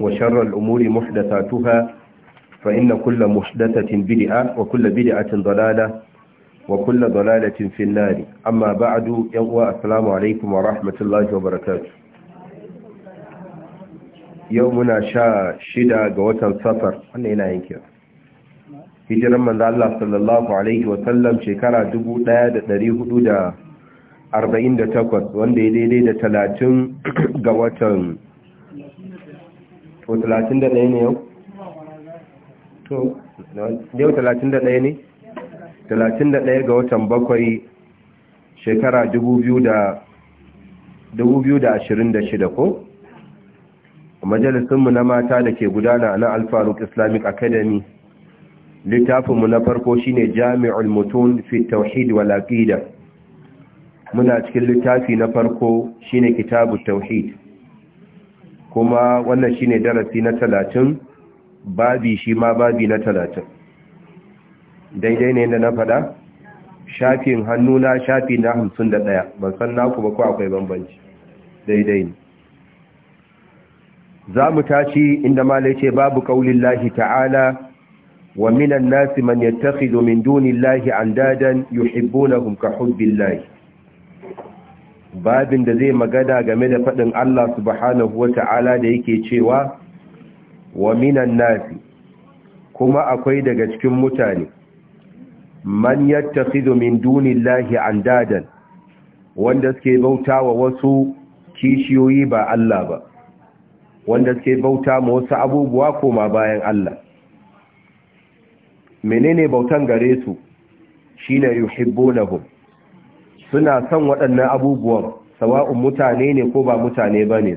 وشر الأمور محدثاتها فإن كل محدثة بدعة وكل بدعة ضلالة وكل ضلالة في النار أما بعد يوم السلام عليكم ورحمة الله وبركاته يومنا شا شدا قوتا سفر أنا هنا ينكر hijiran manzo Allah sallallahu alaihi wa sallam shekara 1448 wanda ya daidai da 30 ga watan ko talatin da ɗaya ne yau? to yau talatin da ɗaya ne? talatin ga watan bakwai shekara dubu biyu da ashirin da shida ko? majalisunmu na mata da ke gudana na alfaruk islamic academy littafinmu na farko shine jami'ul mutun fi tauhid wal aqida muna cikin littafi na farko shine kitabut tauhid kuma wannan shine darasi na talatin babi shi ma babi na talatin daidai ne da na fada shafin hannu na shafi na hamsin da ɗaya ban san naku ba ko akwai bambanci daidai ne za mu tashi inda malai ce babu ƙaunin lahi ta'ala wa minan nasi man yattakhidhu min dunillahi andadan yuhibbunahum ka hubbillahi babin da zai magana game da faɗin Allah subhanahu wa da yake cewa wa minan nasi kuma akwai daga cikin mutane man yattakhidhu min dunillahi andadan wanda suke bauta wasu kishiyoyi ba Allah ba wanda suke bauta ma wasu abubuwa koma bayan Allah menene bautan gare su shine yuhibbunahum suna son waɗannan abubuwan sawa'un mutane ne ko ba mutane ba ne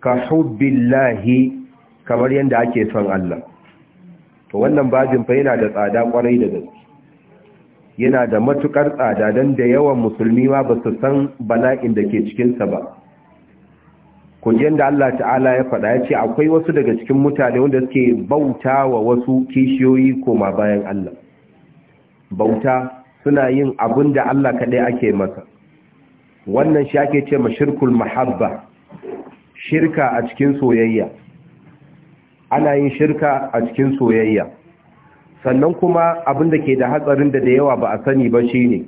ka hubbillahi kamar yadda ake son Allah to wannan bajin fa yana da tsada kwarai da gaske yana da matukar tsada don da yawan musulmi ma ba su san bala'in da ke cikinsa ba kujen da Allah ta'ala ya faɗa ya ce akwai wasu daga cikin mutane wanda suke bauta wa wasu kishiyoyi koma bayan Allah bauta suna yin abin da Allah kaɗai ake masa wannan shi ake ce ma shirkul mahabba shirka a cikin soyayya ana yin shirka a cikin soyayya sannan kuma abin da ke da hatsarin da da yawa ba a sani ba shi ne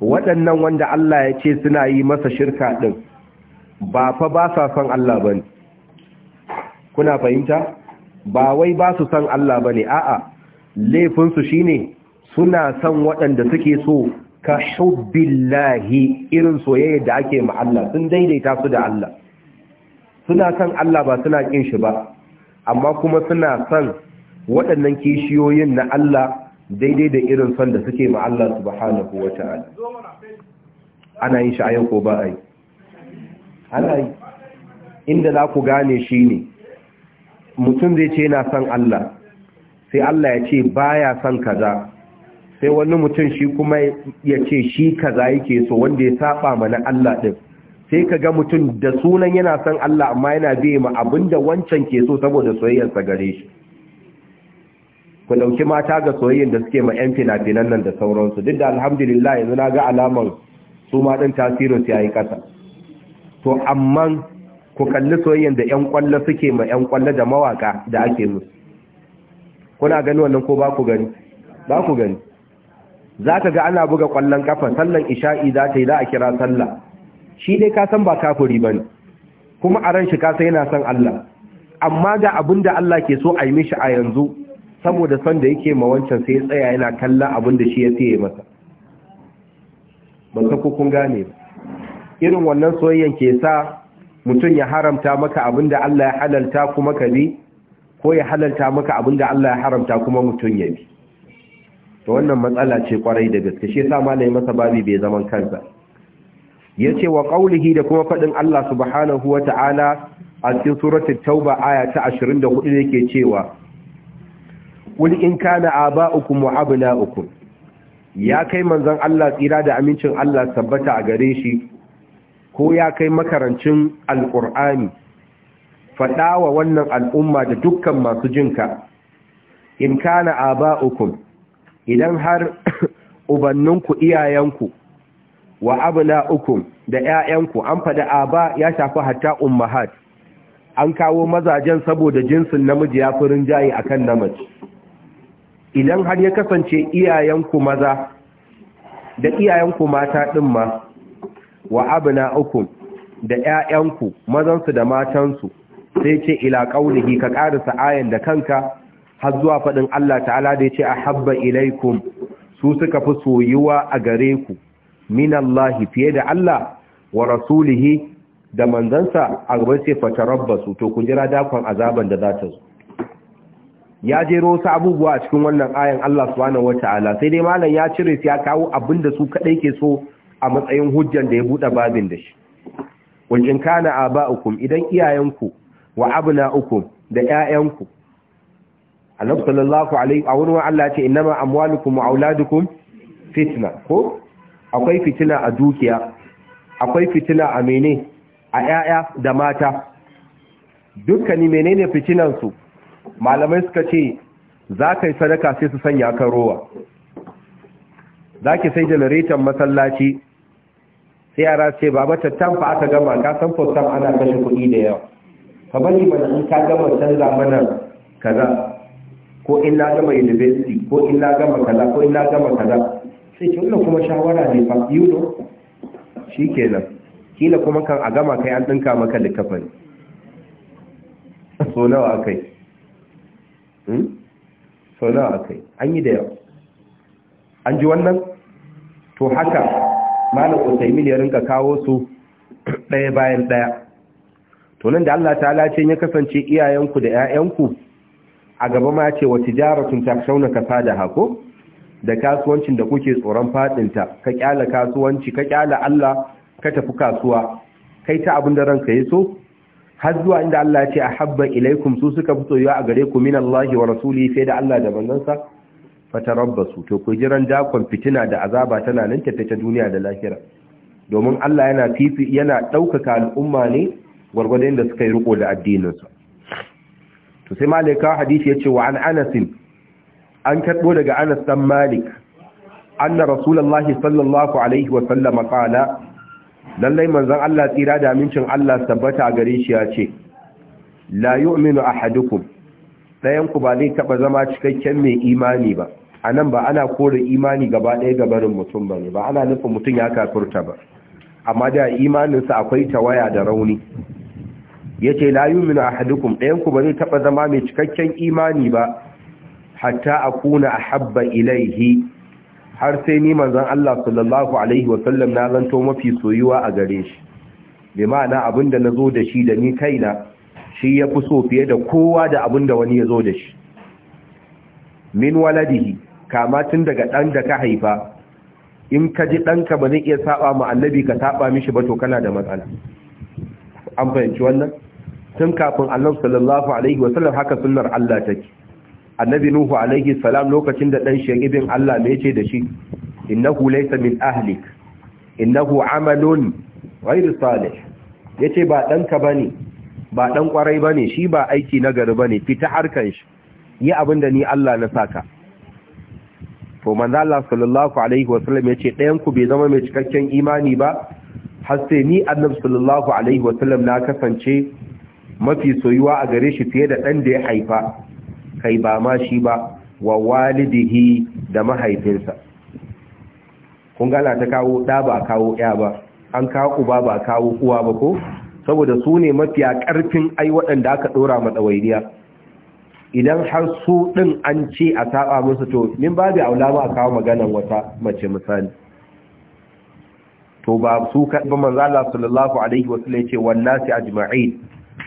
waɗannan wanda Allah ya ce suna yi masa shirka ɗin ba fa ba sa son Allah ba kuna fahimta ba wai ba su son Allah ba ne a'a laifinsu shi ne suna son waɗanda suke so ka shubillahi irin soyayya da ake ma'alla sun daidaita su da Allah suna son Allah ba suna ƙin shi ba amma kuma suna son waɗannan kishiyoyin na Allah daidai da irin son da suke hana Allah subhanahu ala ana yin shi ko ba a yi inda za ku gane shi ne mutum zai ce na san Allah sai Allah ya ce ba baya son kaza sai wani mutum shi kuma ya ce shi kaza yake so wanda ya saba mana Allah din sai ka ga mutum da sunan yana son Allah amma yana biye ma abinda wancan ke so saboda soyayyarsa gare shi ku dauki mata ga soyayyar da suke ma yan fina nan da sauransu duk da alhamdulillah yanzu na ga alamar su ma ɗin tasirin su yayi ƙasa. to amma ku kalli soyayyar da yan kwallo suke ma yan kwallo da mawaka da ake musu kuna gani wannan ko ba ku gani ba ku gani za ka ga ana buga ƙwallon kafa sallan isha'i za ta yi za a kira sallah shi dai ka san ba kafuri ba ne kuma a ran shi ka sai yana son Allah amma ga abin da Allah ke so a yi mishi a yanzu saboda son da yake ma wancan sai ya tsaya yana kallon abin da shi ya fiye masa Ba ta kukun gane ba irin wannan soyayyan ke sa mutum ya haramta maka abin da Allah ya halalta kuma ka bi ko ya halalta maka abin da Allah ya haramta kuma mutum ya bi to wannan matsala ce kwarai da gaske shi yasa malai masa babi bai zaman kansa yace wa qaulihi da kuma fadin Allah subhanahu wata'ala a cikin suratul tauba aya ta 24 da yake cewa qul in kana aba'ukum wa abna'ukum ya kai manzon Allah tsira da amincin Allah tabbata a gare shi ko ya kai makarancin alqur'ani faɗawa wannan al'umma da dukkan masu jinka in kana aba'ukum idan har ubanninku iyayenku wa ukun da ƴaƴanku an fada aba ya shafi hatta ummahat an kawo mazajen saboda jinsin namiji ya furin jayi akan namiji idan har ya kasance iyayenku maza da iyayenku mata din ma wa ukun da ƴaƴanku mazansu da matansu sai ce ila qaulihi ka karisa ayan da kanka har zuwa faɗin Allah ta'ala da ya ce a habba ilaikum su suka fi soyuwa a gare ku minallahi fiye da Allah wa rasulihi da manzansa a gaban sai fatarabbasu to kun jira dakon azaban da za ta zo ya jero wasu abubuwa a cikin wannan ayan Allah subhanahu wata'ala sai dai malam ya cire su ya kawo abin da su kaɗai ke so a matsayin hujjan da ya buɗe babin da shi wal a ba uku, idan iyayenku wa uku da 'ya'yanku. annabi sallallahu alaihi a wurin Allah ce innama amwalukum wa auladukum fitna ko akwai fitina a dukiya akwai fitina a mene a yaya da mata dukkani menene fitinan su malamai suka ce za yi sadaka sai su sanya kan rowa za sai janareton masallaci sai yara ce baba ta fa aka gama ka san fosam ana kashe kuɗi da yawa ka bari mana in ka gama canza mana kaza ko in na gama university ko in na gama kaza ko in na gama kaza sai ce wannan kuma shawara ne fa you know shikenan kila kuma kan a gama kai an dinka maka likafani so nawa akai hmm so nawa kai an yi da yawa an ji wannan to haka malam usaimin ya rinka kawo su ɗaya bayan ɗaya to nan da Allah Ta lace ya kasance iyayenku da 'ya'yanku a gaba ma ce wa tijaratun ka kasadaha hako da kasuwancin da kuke tsoron fadinta ka kyala kasuwanci ka kyala Allah ka tafi kasuwa kai ta abin da ranka ya so har zuwa inda Allah ya ce ahabba ilaikum su suka fito yawa a gare ku min Allah wa rasuli sai da Allah da manzansa fatarabbasu to ku jiran dakon fitina da azaba tana nan tafe ta duniya da lahira domin Allah yana fifi yana dauka al'umma ne gwargwadon da suka yi riko da addinin to sai malika hadisi yace wa an anas an karbo daga anas dan malik anna rasulullahi sallallahu alaihi wa sallam qala lallai manzan Allah tsira da amincin Allah tabbata gare shi yace la yu'minu ahadukum dayan ku ba zai taba zama cikakken mai imani ba anan ba ana kore imani gaba ga barin mutum ba ba ana nufin mutum ya kafirta ba amma da imaninsa akwai tawaya da rauni yace la yu'minu ahadukum ɗayan ku ba zai taba zama mai cikakken imani ba hatta akuna ahabba ilaihi har sai ni manzon Allah sallallahu alaihi wa sallam na zanto mafi soyuwa a gare shi bi ma'ana abinda nazo da shi da ni kaina shi ya fi so fiye da kowa da abinda wani ya zo da shi min waladihi kama tun daga ɗan da ka haifa in ka ji ɗanka ba zai iya saba ma annabi ka saba mishi ba to kana da matsala an fahimci wannan tun kafin annabi sallallahu alaihi wasallam haka sunnar Allah take annabi nuhu alaihi salam lokacin da dan shegibin Allah me yace da shi innahu laysa min ahlik innahu amalun ghayr salih yace ba danka bane ba dan kwarai bane shi ba aiki na gari bane fita harkan shi yi abinda ni Allah na saka to manzo Allah sallallahu alaihi wasallam yace ɗayan ku bai zama mai cikakken imani ba har sai ni annabi sallallahu alaihi wasallam na kasance mafi soyuwa a gare shi fiye da ɗan da ya haifa kai ba ma shi ba wa walidihi da mahaifinsa kun gana ta kawo ɗa ba kawo ya ba an kawo uba ba kawo uwa ba ko saboda su ne mafiya ƙarfin ai waɗanda aka ɗora matsawainiya idan har su ɗin an ce a saba musu to min babu aula ba a kawo maganan wata mace misali to ba su kaɗa manzala sallallahu alaihi wasu ne ce wannan si ajma'in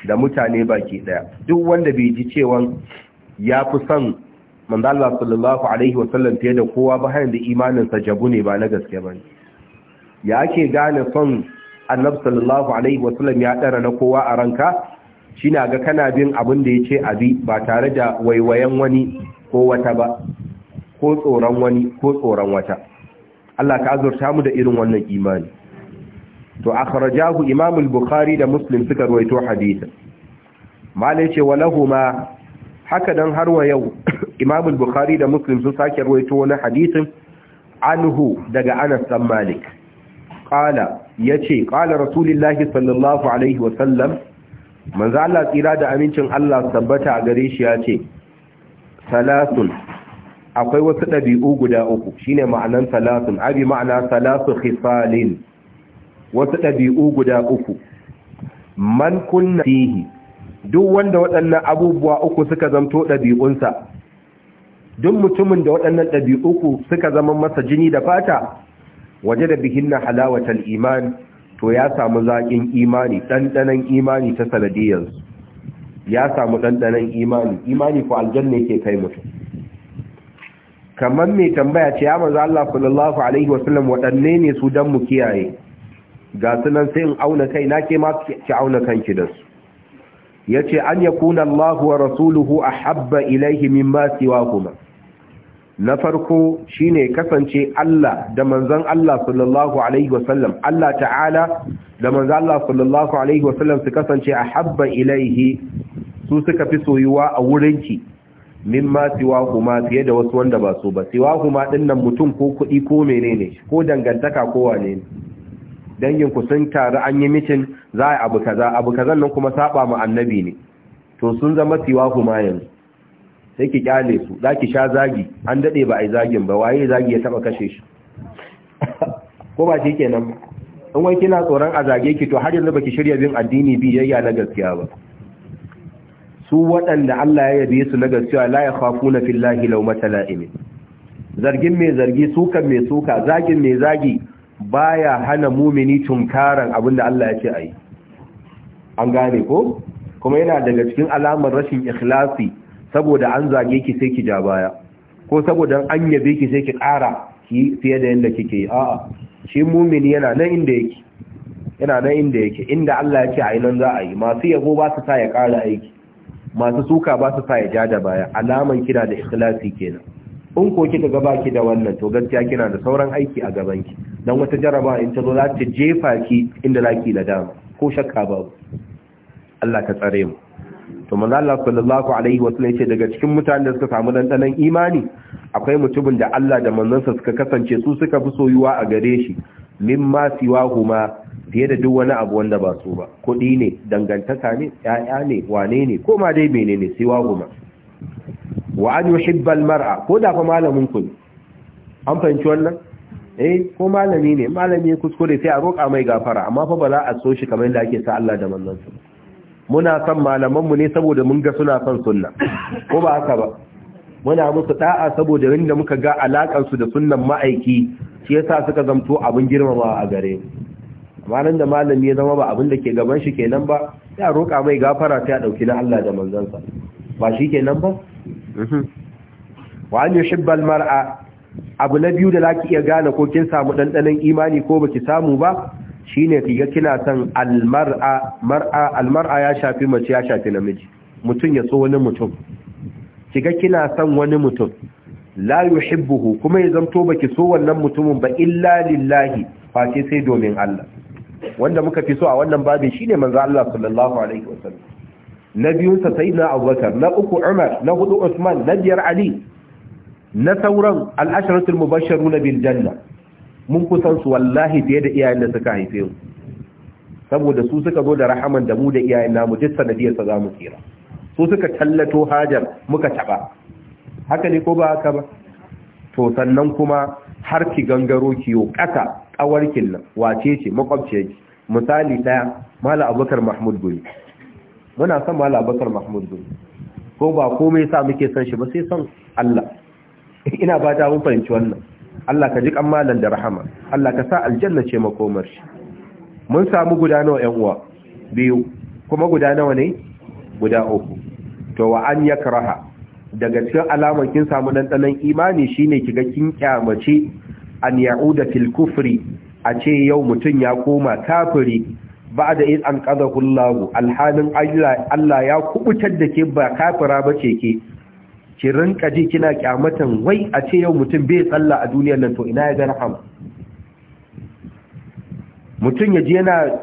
da mutane baki daya duk wanda bai ji cewa ya fi son Mandala sallallahu alaihi wasallam fiye da kowa ba hanyar da imaninsa jabu ne ba na gaske ba ya ake gane son annab sallallahu alaihi wasallam ya ɗara na kowa a ranka shi na ga kana bin abin da ya ce abi ba tare da waiwayen wani ko wata ba ko tsoron wani ko tsoron wata Allah ka azurta mu da irin wannan imani to akhrajahu imam al-bukhari da muslim suka ruwaito hadisin malai ce walahuma haka dan har wa yau imam al-bukhari da muslim sun sake ruwaito wani hadisin anhu daga anas dan malik qala yace qala rasulullahi sallallahu alaihi wa sallam manzo Allah tsira da amincin Allah tabbata a gare shi yace salasun akwai wasu dabi'u guda uku shine ma'anan salasun abi ma'ana salasu khisalin wasu ɗabi'u guda uku man kunna fihi duk wanda waɗannan abubuwa uku suka zamto ɗabi'unsa duk mutumin da waɗannan ɗabi'u uku suka zama masa jini da fata waje da bihinna halawatal iman to ya samu zaƙin imani ɗanɗanan imani ta sanadiyarsu ya samu ɗanɗanan imani imani ko aljanna yake kai mutum kamar mai tambaya ce ya manzo Allah sallallahu alaihi wasallam waɗanne ne su dan mu kiyaye ga sunan sai in auna kai na ke ma ki auna kanki da su ce an ya yakuna Allahu wa rasuluhu a habba ilaihi min ilayhi siwa kuma. na farko shi ne kasance Allah da manzan Allah sallallahu alaihi wasallam Allah ta'ala da manzan Allah sallallahu alaihi wasallam su kasance a ahabba ilaihi su suka fi soyuwa a wurinki siwa kuma fiye da wasu wanda ba su ba Siwa siwahuma dinnan mutum ko kuɗi ko menene ko dangantaka ko wane ne dangin ku sun taru an yi mitin za a abu kaza abu kazan nan kuma saba mu annabi ne to sun zama siwa kuma yanzu sai ki kyale su za ki sha zagi an dade ba a yi zagin ba waye zagi ya taba kashe shi ko ba shi kenan in wai kina tsoron a zage ki to har yanzu baki shirya bin addini yayya na gaskiya ba su waɗanda Allah ya yabe su na gaskiya la yakhafuna fillahi law matala'im zargin mai zargi sukan mai suka zagin mai zagi baya hana mumini tunkaran abinda Allah ya ce ayi an gane ko kuma yana daga cikin alamar rashin ikhlasi saboda an zage ki sai ki ja baya ko saboda an yabe ki sai ki ƙara ki fiye da yanda kike yi a'a shi mumini yana nan inda yake yana nan inda yake inda Allah ya ce ayi nan za a yi masu yabo ba su sa ya ƙara aiki masu suka ba su sa ya ja da baya alaman kina da ikhlasi kenan in ko kika ga baki da wannan to gaskiya kina da sauran aiki a gaban ki don wata jaraba in ta zo za ta jefa ki inda laki ki dama ko shakka ba Allah ka tsare mu to manzo Allah sallallahu alaihi wa sallam yace daga cikin mutanen da suka samu dan imani akwai mutumin da Allah da sa suka kasance su suka fi soyuwa a gare shi mimma huma fiye da duk wani abu wanda ba su ba kuɗi ne dangantaka ne ƴaƴa ne wane ne ko ma dai menene huma wa an yuhibba mar'a ko da fa malamin ku an fahimci wannan eh ko malami ne malami kuskure sai a roƙa mai gafara amma fa ba za a so shi kamar yadda ake sa Allah da manzon sa muna son malaman mu ne saboda mun ga suna son sunna ko ba haka ba muna musu da'a saboda inda muka ga alakan su da sunnan ma'aiki shi yasa suka zamto abin girmama a gare amma nan da malami ya zama ba abin da ke gaban shi kenan ba sai a roƙa mai gafara sai a ɗauki na Allah da manzon sa ba shi kenan ba mhm. wa an yushibba al-mar'a abu na biyu da zaki iya gane ko kin samu ɗanɗanin imani ko baki samu ba shine ga kina son almar'a mar'a almar'a ya shafi mace ya shafi namiji mutum ya so wani mutum kiga kina son wani mutum la yuhibbuhu kuma ya zamto baki so wannan mutumin ba illa lillahi face sai domin Allah wanda muka fi so a wannan babin shine manzo Allah sallallahu alaihi wasallam na biyunsa sa sayyidina Abubakar na uku Umar na hudu Usman na biyar Ali na sauran al'asharatul mubasharu bil janna mun kusan su wallahi fiye da iyayen da suka haife mu saboda su suka zo da rahaman da mu da iyayen namu duk sanadiyar sa mu tsira su suka tallato hajar muka taba haka ne ko ba haka ba to sannan kuma har ki gangaro kiyo kasa kawarkin nan wace ce makwabciyarki misali ɗaya. mala abubakar mahmud guri muna son mala abubakar mahmud guri ko ba komai sa muke son shi ba sai san Allah ina ba ta mun fahimci wannan Allah ka ji malan da rahama Allah ka sa aljanna ce makomar shi mun samu guda nawa ƴan uwa biyu kuma guda nawa ne guda uku to wa an yakraha daga cikin alamar kin samu dandanan imani shine kiga kin kyamace an ya'uda fil kufri a ce yau mutum ya koma kafiri Ba da in an qadahu Allah alhalin Allah ya kubutar da ke ba kafira bace ke ki rinka ji kina kyamatan wai a ce yau mutum bai tsalla a duniyar nan to ina ya ga rahama mutum ya ji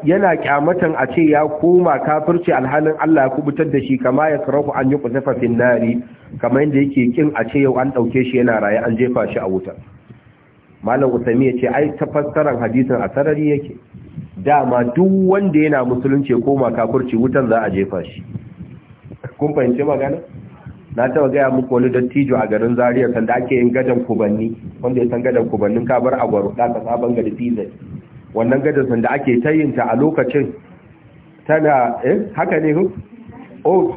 yana kyamatan a ce ya koma kafirci alhalin Allah ya kubutar da shi kama ya karafu an yi kusafa nari kamar yadda yake kin a ce yau an ɗauke shi yana raye an jefa shi a wuta malam usami ya ce ai ta fassarar hadisin a sarari yake dama duk wanda yana musulunci koma kafirci wutan za a jefa shi kun fahimci magana na taba gaya muku wani dattijo a garin Zariya sanda ake yin gadon kubanni wanda ya san gadon kubannin kabar a gwaro da ka saban gari pizza wannan gadon sanda ake tayinta a lokacin tana eh haka ne hu oh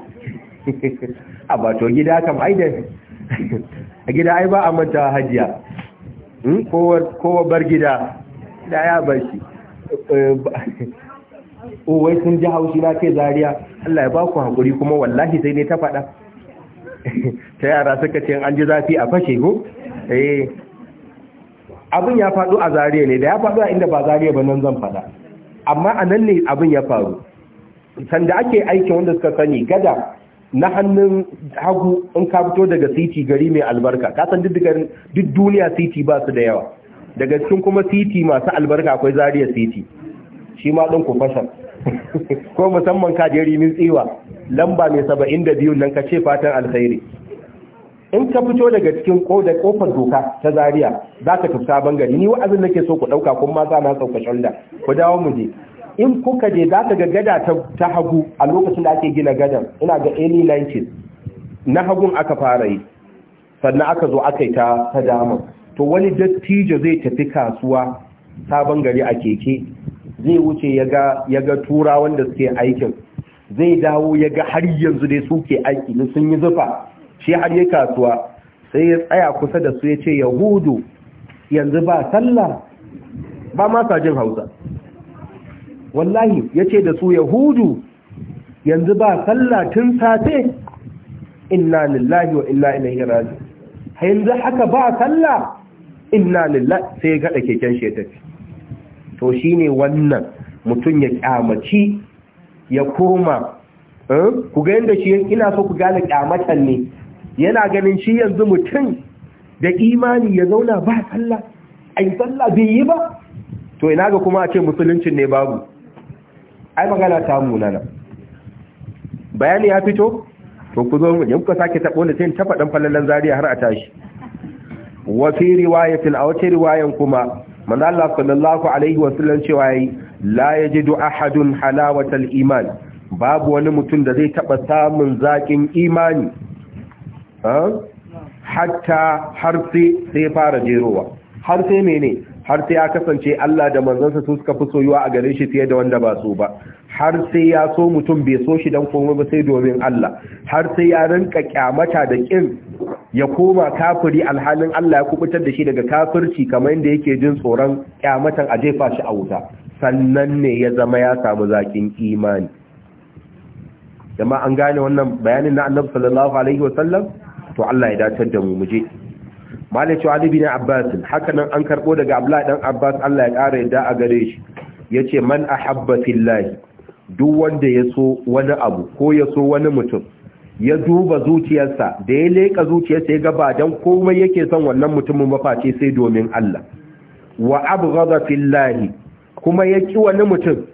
a bato gida kam ai da a gida ai ba a manta hajiya hmm, kowa bar gida da ya bar shi eh, oh, wai sun ji haushi na kai zariya Allah ya ba ku haƙuri kuma wallahi sai ne ta faɗa ta yara suka ce an ji zafi a fashe ko eh abin ya faɗo a zariya ne da ya faɗo a inda ba zariya ba nan zan faɗa amma a nan ne abin ya faru sanda ake aikin wanda suka sani gada na hannun hagu in ka fito daga siti gari mai albarka ka san duk duniya siti ba su da yawa daga cikin kuma city masu albarka akwai zariya siti shi ma ɗin ku fashan ko musamman ka jeri min tsiwa lamba mai saba'in da biyun nan ka ce fatan alkhairi in ka fito daga cikin kodar kofar doka ta Zariya za ka tafi sabon gari ni wa'azin nake so ku ɗauka kuma ma na sauka shanda ku dawo mu je in kuka je za ka ga gada ta hagu a lokacin da ake gina gadan ina ga early 90s na hagun aka fara yi sannan aka zo aka yi ta ta dama to wani dattijo zai tafi kasuwa sabon gari a keke zai wuce ya ga tura wanda suke aikin zai dawo ya ga har yanzu dai suke aiki na sun yi zufa shi har yi kasuwa sai ya tsaya kusa da su ya ce yahudu yanzu ba sallah ba masa jin hausa wallahi ya ce da su yahudu yanzu ba sallah tun safe inna lillahi wa inna ilaihi raji yanzu haka ba sallah inna lillahi sai ya gada keken shi to shine wannan mutum ya kyamaci ya koma eh? ku ga yadda shi ina so ku gane kyamatan ne yana ganin shi yanzu mutum da imani ya zauna ba sallah yi sallah bai yi ba to ina ga kuma a ce musuluncin ne babu ai magana ta munana bayani ya fito to ku zo mu ne kuka sake tabo da sai ta fadan fallalan zariya har a tashi wa fi riwayatin a wata riwayan kuma manzo Allah sallallahu alaihi wasallam cewa yayi la yajidu ahadun halawatal iman babu wani mutum da zai taba samun zakin imani hatta har sai sai fara jerowa har sai mene har sai ya kasance Allah da manzansa su suka fi soyuwa a gare shi fiye da wanda ba su ba har sai ya so mutum bai so shi dan komai ba sai domin Allah har sai ya rinka kyamata da kin ya koma kafiri alhalin Allah ya kubutar da shi daga kafirci kamar yadda yake jin tsoron kyamatan a jefa shi a wuta sannan ne ya zama ya samu zakin imani jama'a an gane wannan bayanin na Annabi sallallahu alaihi wasallam to Allah ya dace da mu muje malai cewa alibi na abbas haka nan an karbo daga abdullahi dan abbas Allah ya kara yadda a gare shi yace man ahabba fillahi duk wanda ya so wani abu ko ya so wani mutum ya duba zuciyarsa da ya leka zuciyarsa ya ga ba dan komai yake son wannan mutumin ba sai domin Allah wa abghadha fillahi kuma ya ki wani mutum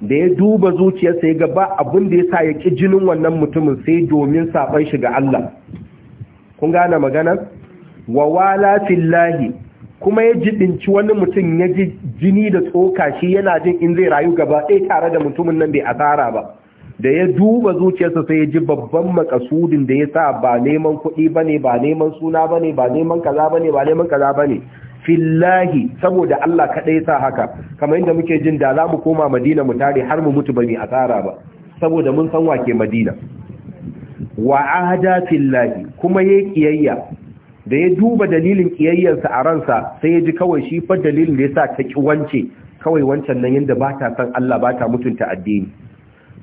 da ya duba zuciyarsa ya ga ba abin da yasa ya ki jinin wannan mutumin sai domin saban shi ga Allah kun gane maganar wa wala fillahi kuma ya jibinci wani mutum ya ji jini da tsoka shi yana jin in zai rayu gaba ɗaya tare da mutumin nan bai asara ba da ya duba zuciyarsa sai ya ji babban makasudin da ya sa ba neman kuɗi ba ne ba neman suna ba ne ba neman kaza ba ne ba neman kaza ba ne fillahi saboda Allah kaɗai sa haka kamar yadda muke jin da za mu koma madina mu tare har mu mutu ba mai asara ba saboda mun san wake madina Wa'ada ahada fillahi kuma ya kiyayya da ya duba dalilin kiyayyarsa a ransa sai ya ji kawai shi fa dalilin da ya sa ta ki wance kawai wancan nan yanda ba ta san Allah ba ta mutunta addini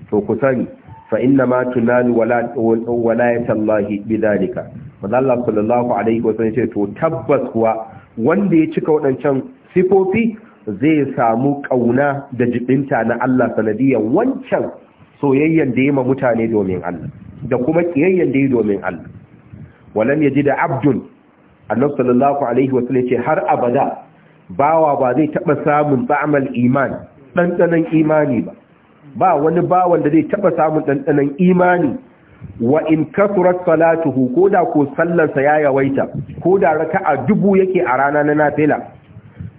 to ku sani fa inna ma tunalu wala walayatallahi bidhalika wanda Allah sallallahu alaihi ce to tabbas kuwa wanda ya cika waɗancan sifofi zai samu kauna da jibinta na Allah sanadiyan wancan soyayyen da ya ma mutane domin Allah da kuma kiyayyen da ya domin Allah walam yajid abdun annabi sallallahu alaihi wa sallam ce har abada bawa ba zai taba samun ta'amal iman dandanan imani ba ba wani bawan da zai taba samun dandanan imani wa in kasurat salatuhu koda ko sallarsa ya yawaita koda raka'a dubu yake a rana na nafila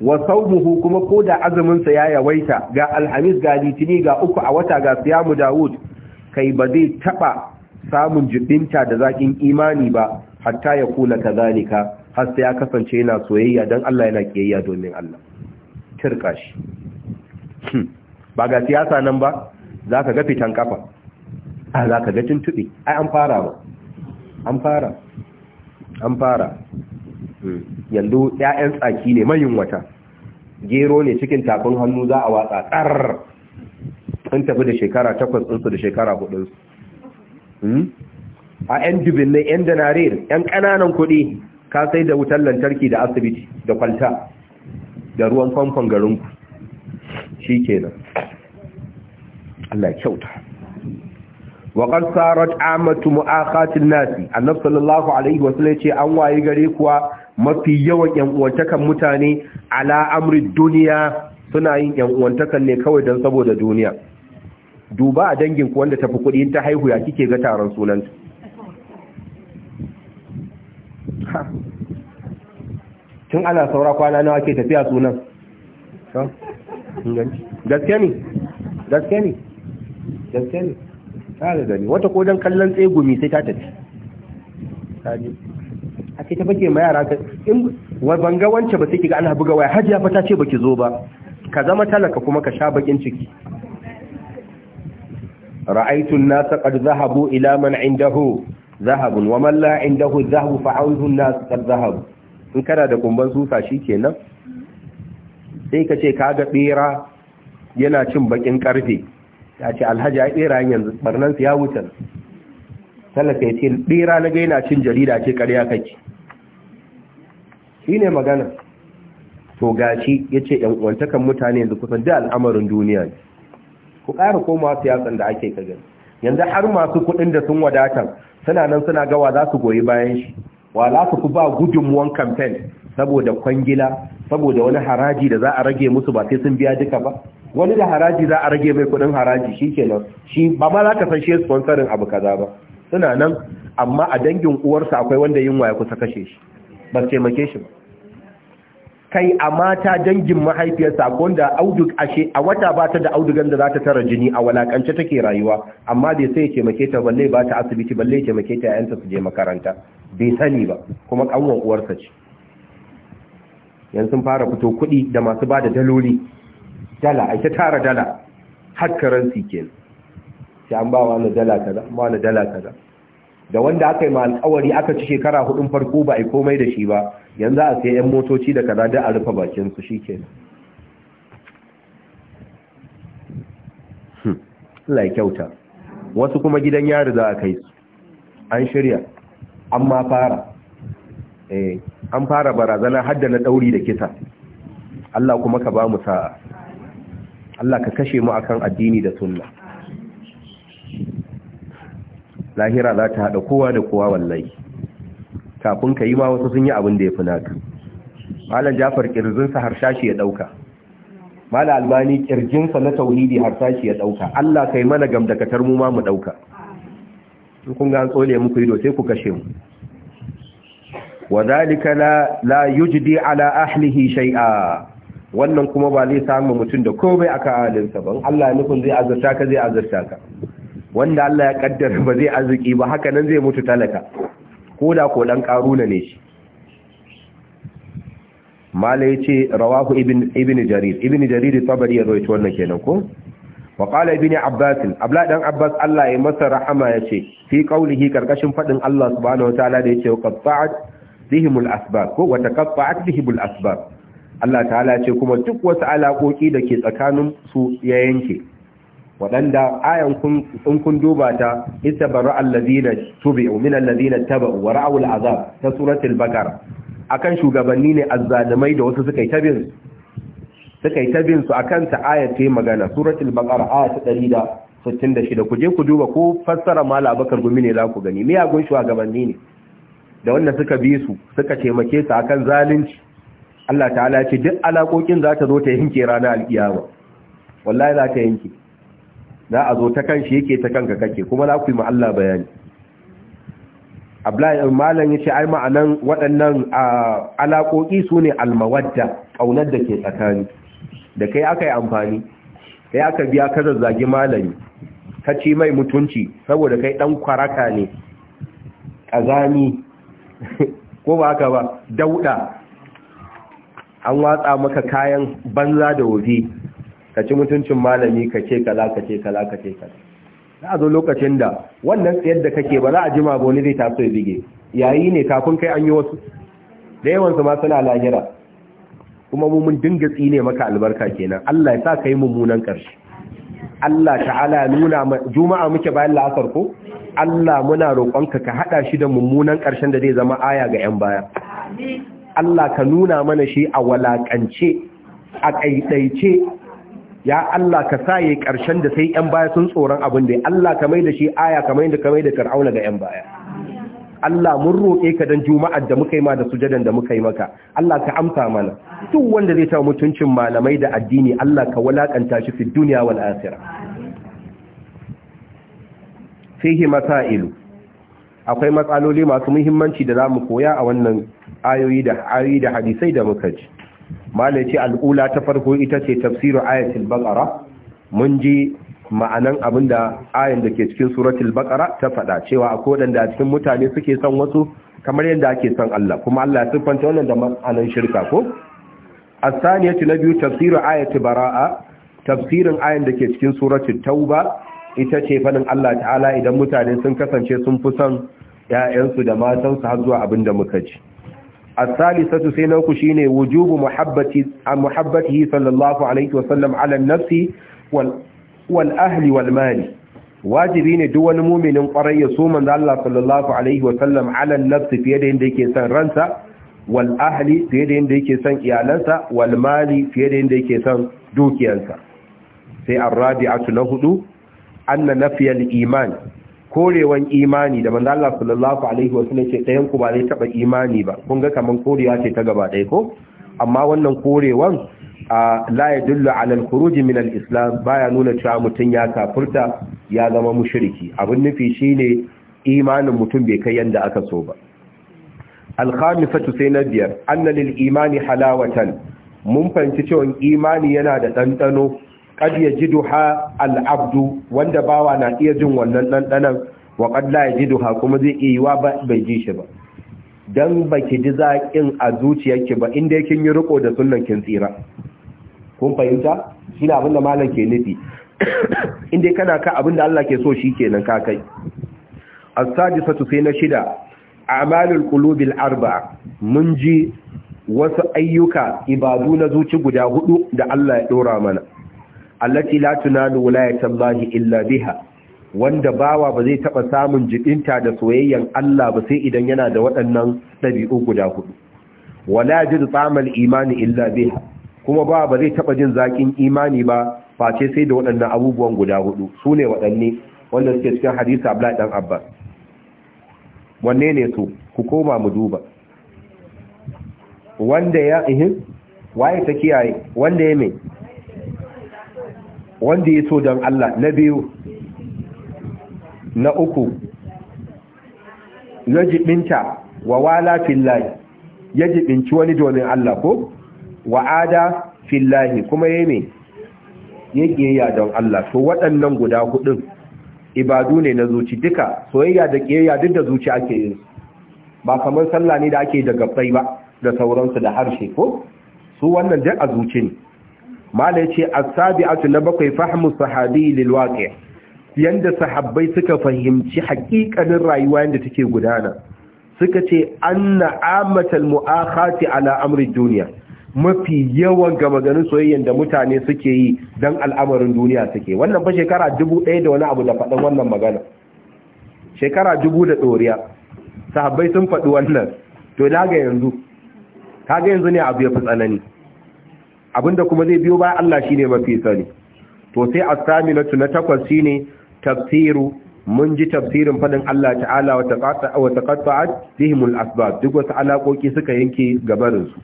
wa saumuhu kuma ko da azuminsa ya yawaita ga alhamis ga litini ga uku a wata ga siyamu Dawud kai ba zai taba samun jibinta da zaƙin imani ba hatta ya kula kazalika har sai ya kasance yana soyayya don Allah yana kiyayya domin Allah Kirka shi hmm. ba ga siyasa nan ba ka ga fitan kafa a ka ga tuntube ai an fara ba an fara an fara hmm. yanzu ƴaƴan tsaki ne mayin wata gero ne cikin tafin hannu za a watsa tsar an tafi da shekara takwas ɗinsu da shekara hudunsu Hmm? a 'yan dubinnai 'yan danarir 'yan ƙananan kuɗi ka sai da wutar lantarki da asibiti da kwalta da ruwan famfon garinku shi kenan Allah kyauta waƙar sarat amatu mu'akatin nasi annab sallallahu alaihi wasu ce an waye gare kuwa mafi yawan yan'uwantakan mutane ala duniya suna yin yan'uwantakan ne kawai don saboda duniya duba a danginku wanda tafi kuɗi in ta haihu ya kike ga taron sunanta tun ana saura kwana nawa ke tafiya sunan gaske ne gaske ne gaske ne ta da wata ko kallon kallon tsegumi sai ta tafi a ce ta bake ma yara ka in banga wance ba sai ki ga ana buga waya hajiya fa ta ce baki zo ba ka zama talaka kuma ka sha bakin ciki رأيت الناس قد ذهبوا إلى من عنده ذهب ومن لا عنده الذهب فعوذ الناس قد ذهبوا in kana da kumban susa shi kenan sai ka ce kaga bera yana cin bakin karfe ya ce alhaji ya bera yanzu barnan ya wuce talaka ya na ga yana cin jarida ce karya kake shi ne magana to gashi ya ce yan uwantakan mutane yanzu kusan da al'amarin duniya ku ƙara komawa siyasan da ake ka yanzu har masu kuɗin da sun wadatan suna nan suna gawa za su goyi bayan shi wa za su ba gudunmuwan kamfen saboda kwangila saboda wani haraji da za a rage musu ba sai sun biya duka ba wani da haraji za a rage mai kuɗin haraji shi kenan shi ba ma za ka san shi sponsorin abu kaza ba suna nan amma a dangin uwarsa akwai wanda yunwa ya kusa kashe shi ba taimake shi ba kai a mata dangin mahaifiyarsa gonda auduk ashe a wata ba ta da audugan da za ta tara jini a walakance take rayuwa amma bai sai ya taimake ta balle ba ta asibiti balle ya taimake ta yayanta su je makaranta bai sani ba kuma kanwan uwarsa ce yanzu sun fara fito kuɗi da masu ba da daloli dala ake tara dala har karansi ke sai an ba na dala kaza ba na dala kaza da wanda aka yi ma alƙawari aka ci shekara hudun farko ba a komai da shi ba yanzu a sai 'yan motoci da kada da a rufe bakinsu shi ke hmm. Allah kyauta wasu kuma gidan yari za a kai su an shirya an ma fara eh, an fara barazana hadda na dauri da kisa Allah kuma ka ba mu sa'a Allah ka kashe mu akan addini da sunna lahira za ta haɗa kowa da kowa wallahi kafin ka yi ma wasu sun yi abin da ya fi naka malam jafar kirjinsa shi ya ɗauka malam albani kirjinsa na tauhidi shi ya ɗauka allah kai mana gam katar mu ma mu ɗauka in kun ga an tsole muku ido sai ku kashe mu wa zalika la la yujdi ala ahlihi shay'a wannan kuma ba zai samu mutum da komai aka alinsa ba Allah ya nufin zai azurta ka zai azurta ka wanda Allah ya kaddara ba zai arziki ba haka nan zai mutu talaka ko da ko dan karuna ne shi mala yace rawahu ibn ibn jarir ibn jarir tabari ya rawaito wannan kenan ko wa qala ibn abbas abla dan abbas Allah ya masa rahama ce. fi qawlihi karkashin fadin Allah subhanahu wataala da yace qatta'at bihimul asbab ko wa taqatta'at bihimul asbab Allah ta'ala ce kuma duk wasu alaƙoƙi da ke tsakanin su ya yanke waɗanda ayan kun kun duba ta istabara allazina tubi'u min allazina Taba, wa ra'u al'azab ta suratul bakar akan shugabanni ne azzalimai da wasu suka yi tabin suka yi tabin su akan ta ayat ta magana suratul bakar ayat 166 ku je ku duba ko fassara mala abakar gumi ne za ku gani miyagun shugabanni ne da wanda suka bi su suka taimake su akan zalunci Allah ta'ala ya ce duk alakokin za ta zo ta yanke ranar alkiyama wallahi za ta yanke za a zo ta kanshi yake ta kanka kake kuma za ku yi Allah bayani abdullahi malam ce, ai ma'anan waɗannan alaƙoƙi su ne almawadda ƙaunar da ke tsakani da kai aka yi amfani kai aka biya ka zazzagi malami ka ci mai mutunci saboda kai ɗan kwaraka ne ƙazami ko ba haka ba dauɗa an watsa maka kayan banza da wofi ka ci mutuncin malami ka ce kaza ka ce kaza ka ce kaza za a zo lokacin da wannan tsayar da kake ba za a jima ba wani zai taso ya bige yayi ne kafin kai an yi wasu da yawan su ma suna lahira kuma mu mun dinga tsine maka albarka kenan Allah ya sa kai mummunan karshe Allah ta'ala nuna juma'a muke bayan la'asar ko Allah muna roƙonka ka haɗa shi da mummunan karshen da zai zama aya ga yan baya Allah ka nuna mana shi a walaƙance a ƙaiɗaice ya Allah ka sa yayi karshen da sai yan baya sun tsoron abin da Allah ka mai da shi aya ka mai da ka mai da fir'auna ga yan baya Allah mun roƙe ka dan juma'ar da muka yi ma da sujadan da muka yi maka Allah ka amsa mana duk wanda zai ta mutuncin malamai da addini Allah ka walakanta shi fi duniya wal asira. fihi masailu akwai matsaloli masu muhimmanci da za mu koya a wannan ayoyi da ayoyi da hadisai da muka ji malaci al'ula ta farko ita ce tafsiru ayatul baqara mun ji ma'anan abinda ayan da ke cikin suratul baqara ta faɗa cewa akwai da cikin mutane suke son wasu kamar yadda ake son Allah kuma Allah ya siffanta wannan da ma'anan shirka ko as-saniyatu na biyu tafsiru ayatul bara'a tafsirin ayan da ke cikin suratul tauba ita ce fadin Allah ta'ala idan mutane sun kasance sun fi son 'ya'yansu da matansu har zuwa abinda muka ji الثالثة سينوك شيني وجوب محبتي محبته صلى الله عليه وسلم على النفس وال والأهل والمال واجبين دول مؤمن قرأي يصوم من الله صلى الله عليه وسلم على النفس في يدين ديك إنسان رنسا والأهل في يدين ديك إنسان إعلانسا والمال في يدين ديك إنسان دوكيانسا في الرابعة له أن نفي الإيمان korewan imani da manzo Allah sallallahu alaihi wasallam ce ɗayan ku ba zai taba imani ba kun ga kaman korewa ce ta gaba dai ko amma wannan korewan la yadullu ala al-khuruj min al-islam baya nuna cewa mutun ya kafurta ya zama mushriki abin nufi shine imanin mutum bai kai yanda aka so ba al-khamisatu sai na biyar anna lil imani halawatan mun fahimci cewa imani yana da dandano qad ji al al'abdu wanda bawa na iya jin wannan ɗanɗanan wa qad la yajiduha kuma zai iya yiwa ba bai ji shi ba dan baki ji zakin a zuciyarki ba inda kin yi riko da sunnan kin tsira kun fahimta shine abinda malam ke nufi inda kana ka abinda Allah ke so shikenan ka kai as-sadisatu sai na shida a'malul qulubil arba'a mun ji wasu ayyuka ibadu na zuci guda hudu da Allah ya dora mana allati la tunalu wilayatallahi illa biha wanda bawa ba zai taba samun jibinta da soyayyan Allah ba sai idan yana da waɗannan dabi'u guda hudu wala jid tamal imani illa biha kuma bawa ba zai taba jin zakin imani ba face sai da waɗannan abubuwan guda hudu su ne waɗanne wanda suke cikin hadisi Abdullahi dan Abbas wanne ne su ku koma mu duba wanda ya ihin waye ta kiyaye wanda ya mai wanda ya so don Allah na biyu na uku ya jibinta wa wala fillahi ya jibinci wani domin Allah ko wa ada fillahi kuma ya ne ya ƙiyayya don Allah to waɗannan guda hudun ibadu ne na zuci duka soyayya da ƙiyayya duk da zuci ake yin ba kamar sallah ne da ake daga gabbai ba da sauransu da harshe ko su wannan duk a zuci ne ce a as-sabi'atu na bakwai fahimu sahabi lilwaƙe yadda yanda sahabbai suka fahimci haƙiƙanin rayuwa yadda take gudana suka ce an na'amatar mu'akhati a la'amurin duniya mafi yawan gaba ganin soyayyar da mutane suke yi don al'amarin duniya suke wannan ba shekara dubu ɗaya da wani abu da faɗin wannan magana shekara dubu da ɗoriya sahabbai sun faɗi wannan to ga yanzu ga yanzu ne abu ya fi tsanani abinda kuma zai biyo ba Allah shine mafi sani to sai as-saminatu na takwas shine tafsiru mun ji tafsirin fadin Allah ta'ala wa taqata wa taqatta'at fihimul asbab duk wasu alaƙoƙi suka yanke gabarin su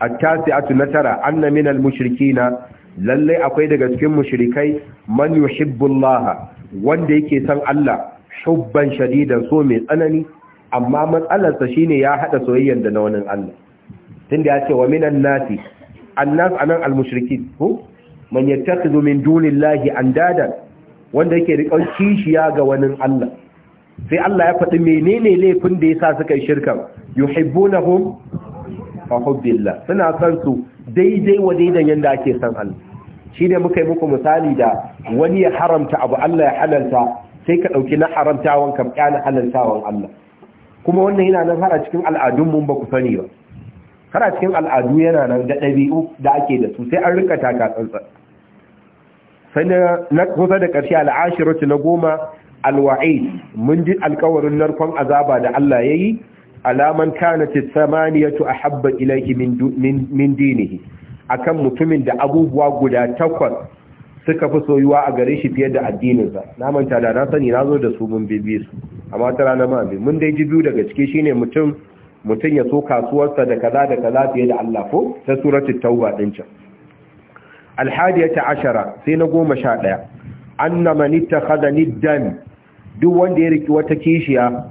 at-tasi'atu na tara anna minal mushrikina lalle akwai daga cikin mushrikai man yuhibbullaha wanda yake son Allah hubban shadidan so mai tsanani amma matsalarsa shine ya hada soyayyar da na wani Allah tunda ya ce wa minan nasi annas anan mushrikin. ko man yattakhidhu min dunillahi andadan wanda yake riƙon kishiya ga wani Allah sai Allah ya faɗi menene laifin da yasa suka yi shirka yuhibbunahum fa hubbillah suna san su daidai wa daidan yanda ake san Allah shi ne muka yi muku misali da wani ya haramta abu Allah ya halalta sai ka ɗauki na haramtawan ka na halaltawan Allah kuma wannan yana nan har a cikin al'adun mun ba ku sani ba kana cikin al'adu yana nan da ɗabi'u da ake da su sai an rika taka tsantsan sai na kusa da ƙarshe al'ashiratu na goma alwa'i mun ji alkawarin narkon azaba da Allah ya yi alaman kanati samaniyatu ahabba ilaihi min dinihi akan mutumin da abubuwa guda takwas suka fi soyuwa a gare shi fiye da addininsa na manta da na sani na zo da su mun bibi su amma ta ranar ma mun dai ji biyu daga ciki shine mutum mutum ya so kasuwarsa da kaza da kaza fiye da Allah ko ta suratul tauba din can alhadiyata ashara sai na goma sha ɗaya anna man ittakhadha niddan duk wanda ya riki wata kishiya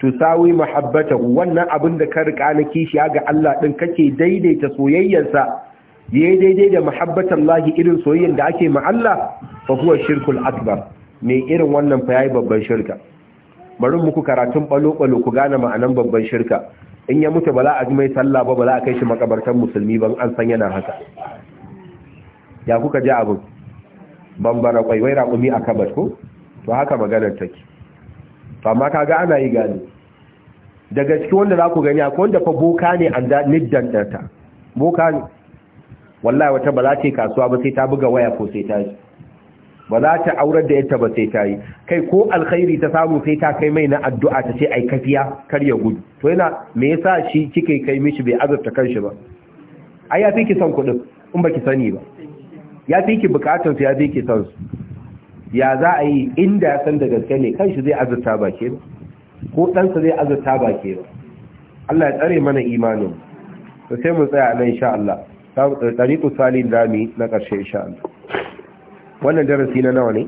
to sawi muhabbata wannan abin da ka rika na kishiya ga Allah din kake daidaita soyayyarsa yayi daidai da muhabbatan Allah irin soyayyar da ake ma Allah fa huwa shirkul akbar Me irin wannan fa yayi babban shirka bari muku karatun balo balo ku gane ma'anan babban shirka in ya mutu ba za a ji mai sallah ba ba za a kai shi makabartar musulmi ban an san yana haka ya kuka ji abin bambara kwaiwai raƙumi a kabar ko to haka maganar take to amma ka ga ana yi gani daga cikin wanda za ku gani a wanda fa boka ne an da niddan ɗarta boka ne wallahi wata ba za ta yi kasuwa ba sai ta buga waya ko sai ta ji ba za ta aurar da yadda ba sai ta yi kai ko alkhairi ta samu sai ta kai mai na addu'a ta ce ai kafiya kar ya gudu to yana me yasa shi kike kai mishi bai azurta kanshi ba ai ya fi ki son kuɗin in baki sani ba ya fi ki bukatun ya fi ki son su ya za a yi inda ya san da gaske ne kanshi zai azurta ba ke ba ko ɗansa zai azurta ba ke ba Allah ya tsare mana imanin to sai mu tsaya nan insha Allah tariqu salin dami na ƙarshe insha Allah wannan darasi na nawa ne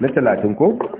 na talatin ko